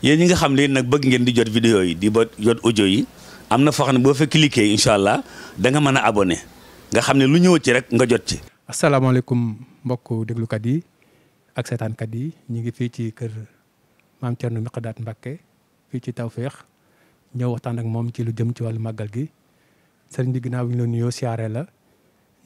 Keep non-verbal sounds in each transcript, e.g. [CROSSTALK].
yéen ñi nga xam ne nag bëgg ngeen di jot vidéo yi di ba jot audio yi am na foo ne boo fa cliquer incha allah da nga mën a abonné nga xam ne lu ñëw ci rek nga jot ci. asalaamaaleykum mbokk déglukat yi ak seetaankat yi ñu ngi fii ci kër maam Thierno Mikhdad Mbacké fii ci Tawfekh ñëw waxtaan ak moom ci lu jëm ci wàllu màggal gi sëriñ bi ginnaaw bi ñu la nuyoo siyaare la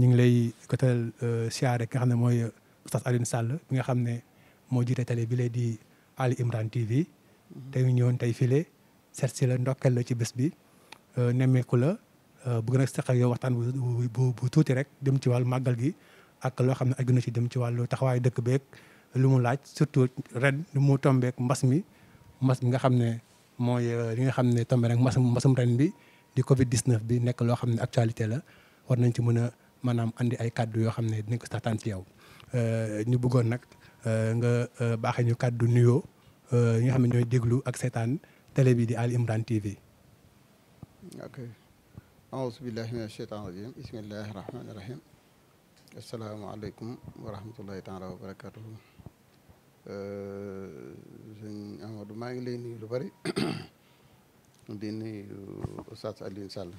ñu ngi lay gotal euh, siyaare ki nga xam ne mooy Oustaz Alioune sàll bi nga xam ne moo jiite bi lay di Ali Imran TV. tey ñu ñëwoon tey file seet si la ndokkeel la ci bés bi euh, nemeeku la euh, bugg nag sax ak yow waxtaan bu bu tuuti rek dem ci wàllu màggal gi ak loo xam ne aju na ci dem ci wàllu taxawaayu dëkk beeg lu mu laaj surtout ren lu mu tombeek mbas mi mbas mi nga xam ne mooy euh, li nga xam ne tombe rek mbasum mbasum ren bi di Covid 19 bi nekk loo xam ne actualité la war nañ ci mën a maanaam andi ay kàddu yoo xam ne dinañ ko taxtaan ci yow ñu buggoon nag nga baaxee ñu kàddu nuyoo. Euh, ñi nga xam ñooy déglu ak seetaan télé di Al Imran TV. ok aouzu billahi mina sheytaani rajim bismillahi rahmaani rahim asalaamaaleykum wa rahmatullahi taala wa barakatuhu euh, sëñ Amadou maa ngi lay nuyu lu bari [COUGHS] di nuyu Oustaz Alioune Sall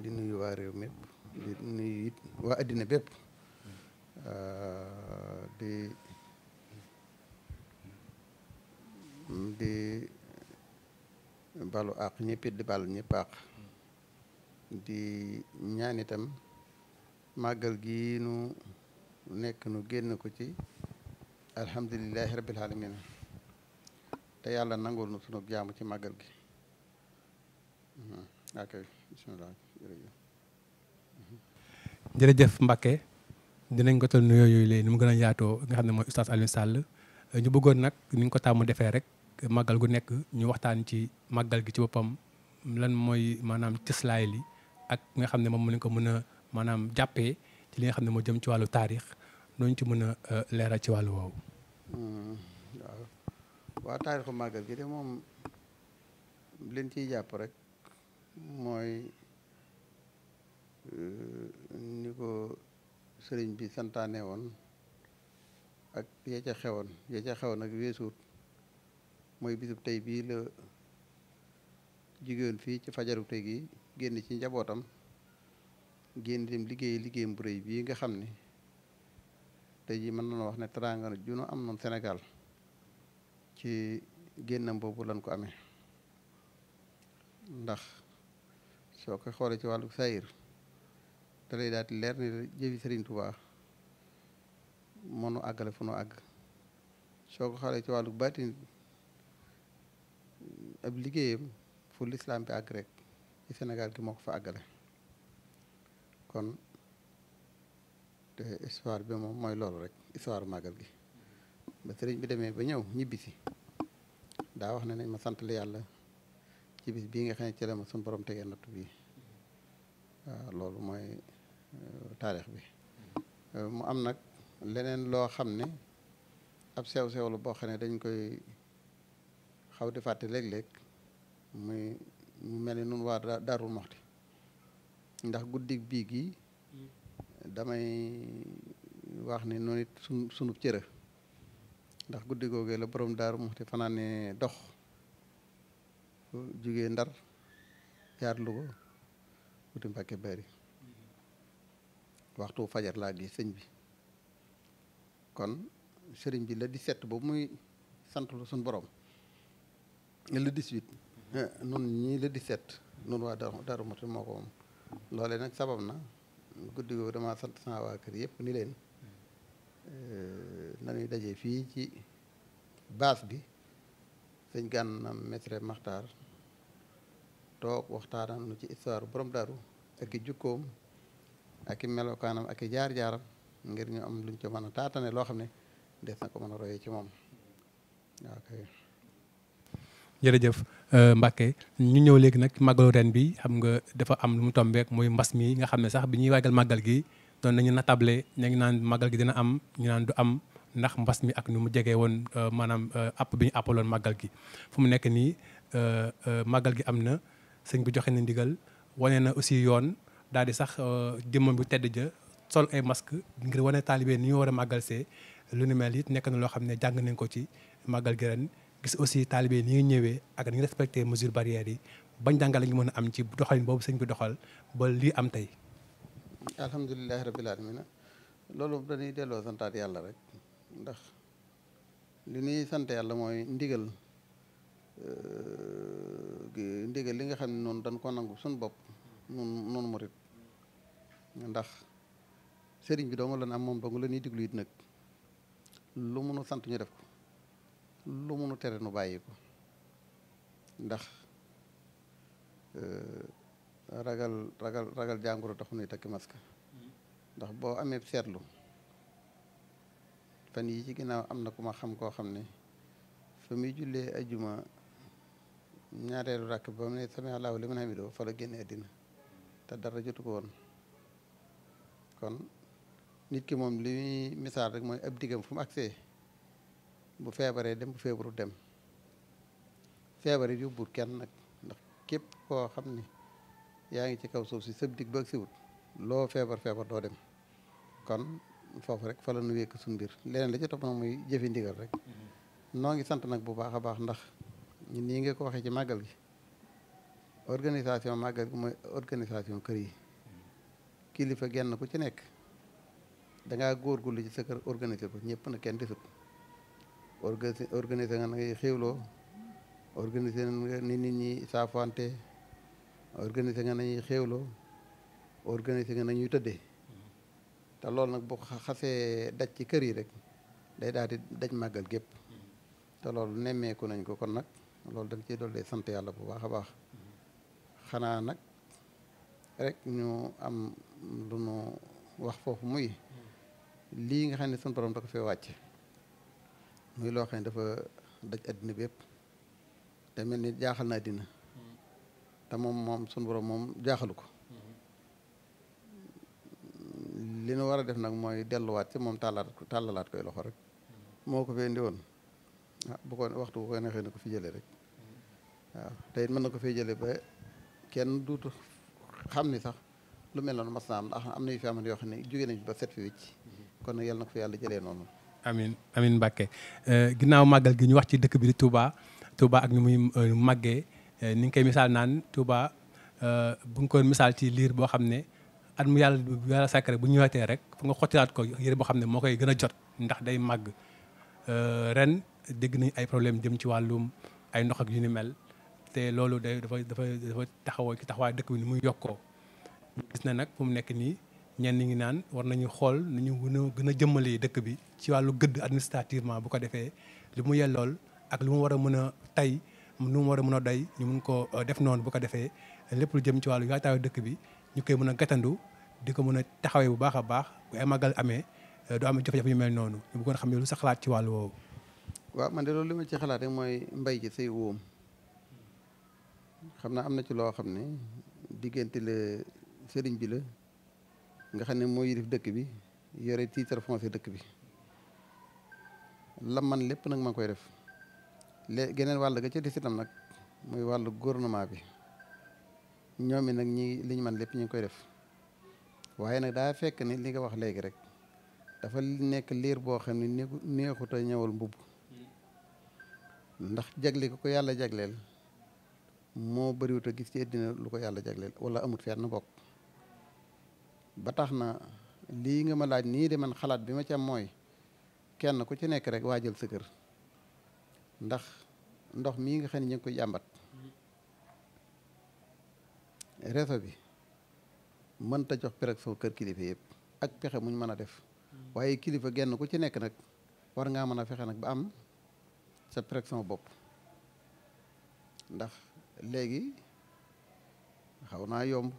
di nuyu waa mépp di nuyu it waa addina bépp euh, di di balu àq ñëppit di bal ñëpp àq di ñaan itam màggal gi nu nekk nu génn ko ci alhamdulilahi rabbil alamin te yàlla nangul nu sunu jaamu ci màggal gi mhmm, ok bismillah jërëjëf Mbacke dinañ ko tal nuyoo yooyu léegi ni mu gën a yaatoo nga xam ne mooy oustaz Alioune Sall ñu bëggoon nag ni ñu ko tàmm defee rek màggal gu nekk ñu waxtaan ci màggal gi ci boppam lan mooy maanaam cëslaay li ak nga xam ne moom lañ ko mën a maanaam jàppee ci li nga xam ne moo jëm ci wàllu taarix nooñu ci mën a euh, leeral ci wàllu woowu. Hmm, waaw waaw taarixu màggal gi de moom leen ciy jàpp rek mooy euh, ni ko sëriñ bi santaane woon ak ya ca xewoon ya ca xewoon ak weesuut mooy bisub tey bii la jigéen fii ci fajaru tey gi génn ci njabootam génn dem liggéey liggéeyam bu rëy bii nga xam ni tey jii mën nañu wax ne ju junu am noonu senegal ci génnam boobu lañ ko amee ndax soo ko xoolee ci wàllu sayir te lay daal leer ni jëfi Sëriñ Tuubaa mënu àggale fu nu àgg soo ko xoolee ci wàllu baatin ab liggéeyam fu lislaam bi àgg rek ci Sénégal gi moo ko fa àggale kon te histoire bi moom mooy loolu rek histoire màggal gi ba sëriñ bi demee ba ñëw ñibbisi daa wax ne nañ ma sant la yàlla ci bis bii nga xam ne ci la ma suñu borom tegee natt bii waaw loolu mooy euh, taarix bi euh, mu am nag leneen loo xam ne ab sew-sew la boo xam ne dañ koy xaw di fàtte léeg-léeg muy mu mel ni nun waa daarul moxti ndax guddig bii gi damay wax ni noonu it sun sunub cëra ndax guddi googee la borom daaru moxti fanaane dox jugee ndar jaar Luga wuti Mbàkke Bari waxtu fajar laa gis sëñ bi kon sëriñ bi la di set boobu muy sant lu suñ borom le 18 eh, noonu ñii le 17 noonu waa Darou Darou Mouhty moo ko moom loolee nag sabab na guddi googu dama sant sama waa kër yépp ni leen eh, nañuy daje fii ci baas bi sëñ Gànna Mesre Maxtaar toog waxtaanam nu ci histoire borom daru ak i jukkoom ak i melokaanam ak yi jaar-jaaram ngir ñu am luñ ci mën a taatane loo xam ne des na ko mën a royee ci moom jërëjëf euh, Mbacke ñu ñëw léegi nag màggalu ren bi xam nga dafa am lu mu tombeek muy mbas mi nga xam ne sax bi ñuy waajal màggal gi doon nañu natable ñu naan màggal gi dina am ñu naan du am ndax mbas mi ak nu mu jegee woon euh, maanaam euh, app bi ñu appaloon màggal gi fu mu nekk nii màggal gi am na sëñ bi joxe na ndigal wane na aussi yoon daal di sax jëmmam bu tedd ja sol ay masque ngir wane taalibe nu ñu war a màggal see lu ni mel it nekk na loo xam ne jàng nañ ko ci màggal gi ren gis aussi taalibe yi ni ñu ñëwee ak ni ñu respecté mesure barrières yi bañ jàngale ñu mën a am ci doxalin boobu sëñ bi doxal ba lii am tey. alhamdulilah rabil aalamiina loolu dañuy delloo santaat yàlla rek ndax li ñuy sant yàlla mooy ndigal euh, ndigal li nga xam ne noonu dañ ko nangu suñ bopp noonu noonu ndax sëriñ bi doo nga leen am moom doo nga leen ñuy diglu nag lu mënu sant ñu def ko. lu munu nu bàyyi ko ndax euh, ragal ragal ragal jàngoro taxu nuy takki masque ndax boo amee seetlu fan yi ci ginnaaw am na ku ma xam koo xam ne fa muy jullee ajuma ñaareelu rakk ba mu ne sami allahu liman hamidoo fa la génne àddina te dara jotu ko woon kon nit ki moom li muy misaal rek mooy ab diggam fu mu agsee bu feebaree dem bu feebaru dem feebar it yóbbul kenn nag ndax képp koo xam ni yaa ngi ci kaw suuf si sëb dig ba ak siwut loo feebar feebar doo dem kon foofu rek fala la nu wékk suñu mbir leneen la ci topp nag muy jëfe ndigal rek mm-hmm. noo ngi sant nag bu baax a baax ndax ñun nii nga ko waxee ci màggal gi organisation màggal gi mooy organisation kër yi mm-hmm. kilifa genn ku ci nekk dangaa góorgóorlu ci sa kër organiser ko ñëpp na kenn desut organiser nga ngay xiwloo organise nga ni nit ñi saafante organiser nga nañuy xéewloo organiser nga nañuy tëdde te loolu nag boo xasee daj ci kër yi rek day daal di daj màggal gépp te loolu nemmeeku nañ ko kon nag loolu dañ ciy dolli sant yàlla bu baax a baax xanaa nag rek ñu am lu nu wax foofu muy lii nga xam ne sunu borom da ko fee wàcc muy loo xam dafa daj àddina bi yëpp te mel ni jaaxal na addina te moom moom sunu borom moom jaaxalu ko li nu war a def nag mooy delluwaat ci moom tàllaat tàllalaat koy loxo rek moo ko fee indi woon ah bu ko waxtu bu ko neexee na ko fi jëlee rek waaw te it mën na ko fee jëlee ba kenn duutu xam ni sax lu mel noonu mas naa am am na yu fi amoon yoo xam ne jóge nañ ba set fi wicc kon nag yal na ko fi yàlla jëlee noonu amin amin Mbacke euh, ginnaaw màggal gi ñu wax ci dëkk bi di Touba Touba ak ni muy euh, màggee euh, ni nga koy misaal naan Touba bu nga koy misaal ci liir boo xam ne at mu yàlla yàlla sàkkare bu ñëwatee rek fu nga xottilaat ko yére boo xam ne moo koy gën a jot ndax day màgg ren dégg nañ ay problème jëm ci wàllum ay ndox ak yu ni mel te loolu day dafa dafa dafa taxawoo ci taxawaay dëkk bi ni muy yokkoo gis na nag fu mu nekk nii ñenn ñi ngi naan war nañu xool nu ñu gën gën a jëmmalee dëkk bi ci wàllu gëdd administrativement bu ko defee li mu yellool ak lu mu war a mën a tey lu mu war a mën a day ñu mën ko euh, def noonu bu ko defee lépp lu jëm ci wàllu yaataayu dëkk bi ñu koy mën a gàttandu di ko mën a taxawee bu baax a baax bu magal amee euh, du am jafe-jafe yu mel noonu ñu bëggoon xam ne lu sa ci wàllu woowu. man de loolu li ma ci xalaat rek mooy mbay ji say wóom xam naa am na ci loo xam ne diggante la sëriñ bi la nga xam ne moo yilif dëkk bi yore titre foncier dëkk bi la man lépp nag ma koy def lée geneen wàll ga ca des nag muy wàllu gouvernement bi ñoom it nag ñi liñ man lépp ñu koy def waaye nag daa fekk ni li nga wax léegi rek dafa nekk liir boo xam ne neexut a ñëwal mbubb ndax jagle ko ko yàlla jagleel moo bëriwut a gis ci àddina lu ko yàlla jagleel wala amut fenn bokk ba tax na lii nga ma laaj nii de man xalaat bi ma ci mooy kenn ku ci nekk rek waa waajal sa kër ndax ndox mii nga xam ne ñu ngi ko jàmbat réseau bi mënta jox pression kër kilifa yëpp ak pexe muñ mën a def waaye kilifa genn ku ci nekk nag war ngaa mën a fexe nag ba am sa pression bopp ndax léegi xaw naa yomb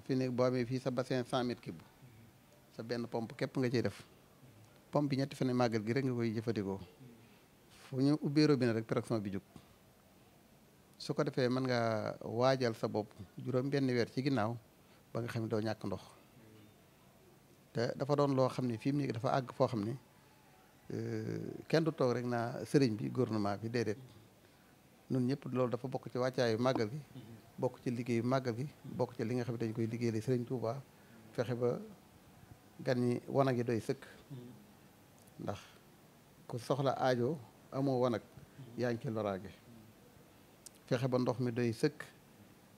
parce que ne boo amee fii sa bassin cent mètres cube sa benn pompe képp nga ciy def pompe bi ñetti fan màggal gi rek nga koy jëfandikoo fu ñu ubbee robinet rek pression bi jóg su ko defee mën ngaa waajal sa bopp juróom benn weer ci ginnaaw ba nga xam doo ñàkk ndox te dafa doon loo xam ne fii mu nekk dafa àgg foo xam ne euh, kenn du toog rek naa sëriñ bi gouvernement bi déedéet ñun ñëpp loolu dafa bokk ci wàccaayu màggal gi bokk ci liggéeyu màggal gi bokk ci li nga xam ne dañ koy liggéeyal Sëriñ Touba fexe ba gan ñi wanag yi doy sëkk ndax ku soxla aajo amoo wanag yaa ngi ci loraange fexe ba ndox mi doy sëkk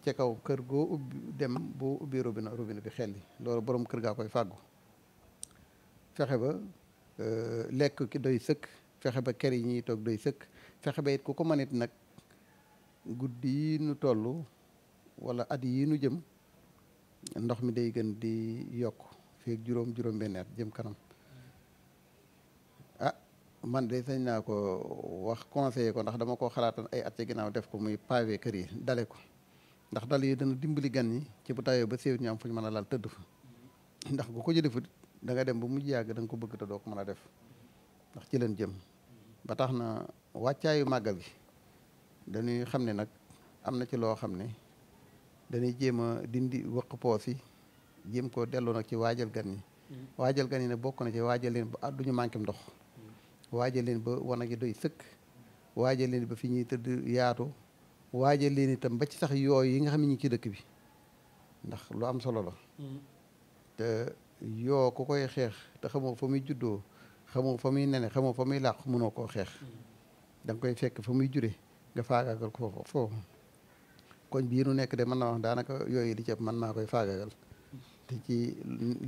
ci kaw kër goo ubbi dem boo ubbee robinet robinet bi xel yi loolu borom kër gaa koy fàggu fexe ba euh, lekk ki doy sëkk fexe ba kër yi ñuy toog doy sëkk fexe ba it ku ko mën nag guddi yi nu toll wala at yii nu jëm ndox mi day gën di yokk fii juróom juróom benn jëm kanam ah man de sañ naa ko wax conseiller ko ndax dama ko xalaatoon ay at ci ginnaaw def ko muy pavé kër yi dale ko ndax dal yi dana dimbali gan ñi ci bu ba séew ñu am fu ñu mën a laal tëdd fa ndax bu ko ci defut da nga dem ba mujj yàgg da ko bëgg te doo ko mën a def ndax ci leen jëm ba tax na wàccaayu màggal gi dañuy xam ne nag am na ci loo xam ne dañuy jéem a dindi wëq poos yi jéem koo delloo nag ci waajal gan yi mm-hmm. waajal gan yi ne bokk na ci waajal leen ba àdduñu ah, manqué ndox mm-hmm. waajal leen ba wanag yi doy sëkk waajal leen ba fi ñuy tëdd yaatu waajal leen itam ba ci sax yooyu yi nga xam ne ñu ci dëkk bi ndax lu am solo la mm-hmm. te yoo ku koy xeex te xamoo fa muy juddoo xamoo fa muy nene xamoo fa muy làq mënoo koo xeex da koy fekk fa muy jure nga faagaagal ko foofu koñ bi nu nekk de man naa wax daanaka yooyu di ceeb mën naa koy faagagal te ci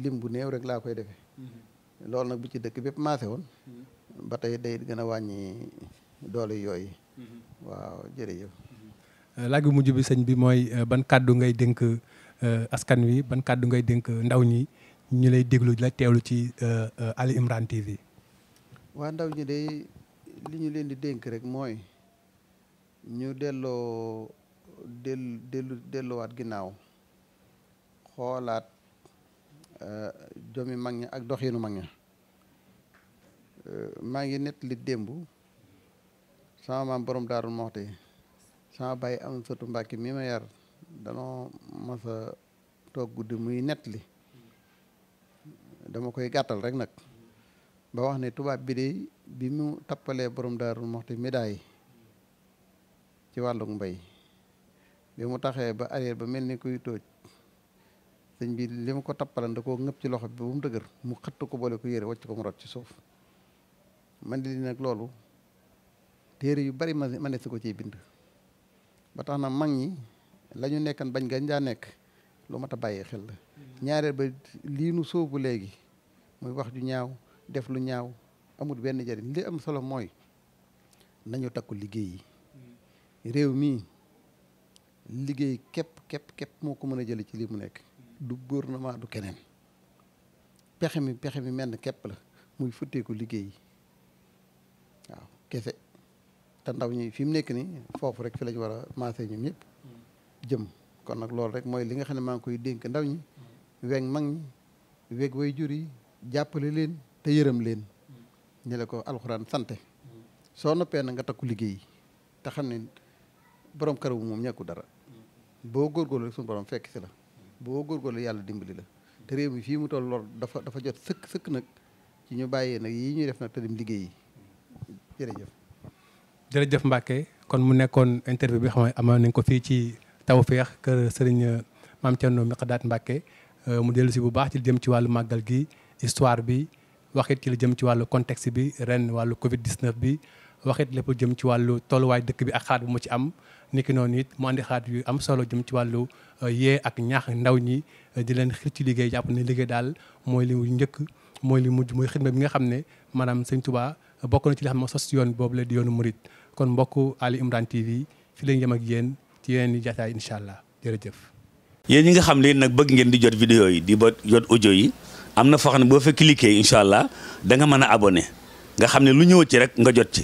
lim bu néew rek laa koy defee loolu nag bu ci dëkk bépp maase woon ba tey day gën a wàññi doole yooyu waaw jërëjëf laaj mujj bi sëñ bi mooy euh, ban kàddu ngay dénk euh, askan wi ban kàddu ngay dénk ndaw ñi ñu lay déglu la teewlu ci euh, Ali Imran yi waa ndaw ñi day li ñu leen di dénk rek mooy ñu delloo dellu delluwaat ginnaaw xoolaat eh, jomi mag ñi ak doxinu mag ñi eh, maa ngi nett démb sama maam borom daarul moxte sama bàyyi am sëtu mbàkki mi ma yar danoo masa toog guddi muy nett li dama koy gàttal rek nag ba wax ne tubaab bi de bi mu tappalee borom daarul mi médaille ci wàlluk mbay bi mu taxee ba arrière ba mel ni kuy tóoj sëñ bi li mu ko tappalan da koo ŋëpp ci loxo bi ba mu dëgër mu xëtt ko boole ko yére wàcc ko mu ci suuf man di nag loolu téere yu bari ma ne si ko ciy bind ba tax na mag ñi lañu ñu nekkan bañ gañ daa nekk lu mat a bàyyi xel la ñaareel ba lii nu sóobu léegi muy wax ju ñaaw def lu ñaaw amul benn jariñ li am solo mooy nañu takku liggéey yi mm. réew mii liggéey képp képp képp moo ko mën a jële ci lii mu nekk du na gouvernement du keneen pexe mi pexe mi menn képp la muy futteeku liggéey waaw kese te ndaw ñi fi mu nekk nii foofu rek fi lañ war a maasee ñun ñëpp jëm kon nag loolu rek mooy li nga xam ne maa ngi koy dénk ndaw ñi weeg mag ñi weeg way jur yi jàppale leen te yërëm leen ñu la ko alxuraan sante soo noppee na nga takku liggéey te xam ne borom karaw moom ñàkku dara boo góorgóorlu rek suñu borom fekk si la boo góorgóorlu yàlla dimbali la te réew mi fii mu toll lool dafa dafa jot sëkk sëkk nag ci ñu bàyyee nag yi ñuy def nag te dem liggéey yi jërëjëf. jërëjëf Mbacke kon mu nekkoon interview bi xam ne amoon nañ ko fii ci Tawfekh kër sëriñ Mame Thierno Mikhdad Mbacke euh, mu dellu si bu baax ci li jëm ci wàllu màggal gi histoire bi waxit ci li jëm ci wàllu context bi ren wàllu Covid 19 bi. waxit lépp jëm ci wàllu tolluwaay dëkk bi ak xalaat bu mu ci am niki noonu it mu andi xalaat yu am solo jëm ci wàllu euh, yee ak ñaax ndaw ñi euh, di leen xir ci liggéey jàpp ne liggéey daal mooy li njëkk mooy li mujj mooy xidma bi nga xam ne maanaam sëñ Tuubaa bokk na ci li xam ne sos yoon boobu la di yoonu murit kon mbokk Ali Imran TV fi lañ yem ak yéen ci yeneen i jataay incha allah jërëjëf yéen ñi nga xam ne nag bëgg ngeen di jot vidéo yi di ba jot audio yi am na foo xam ne boo fa cliquer incha allah da mën a abonné nga xam ne lu ñëw ci rek nga jot ci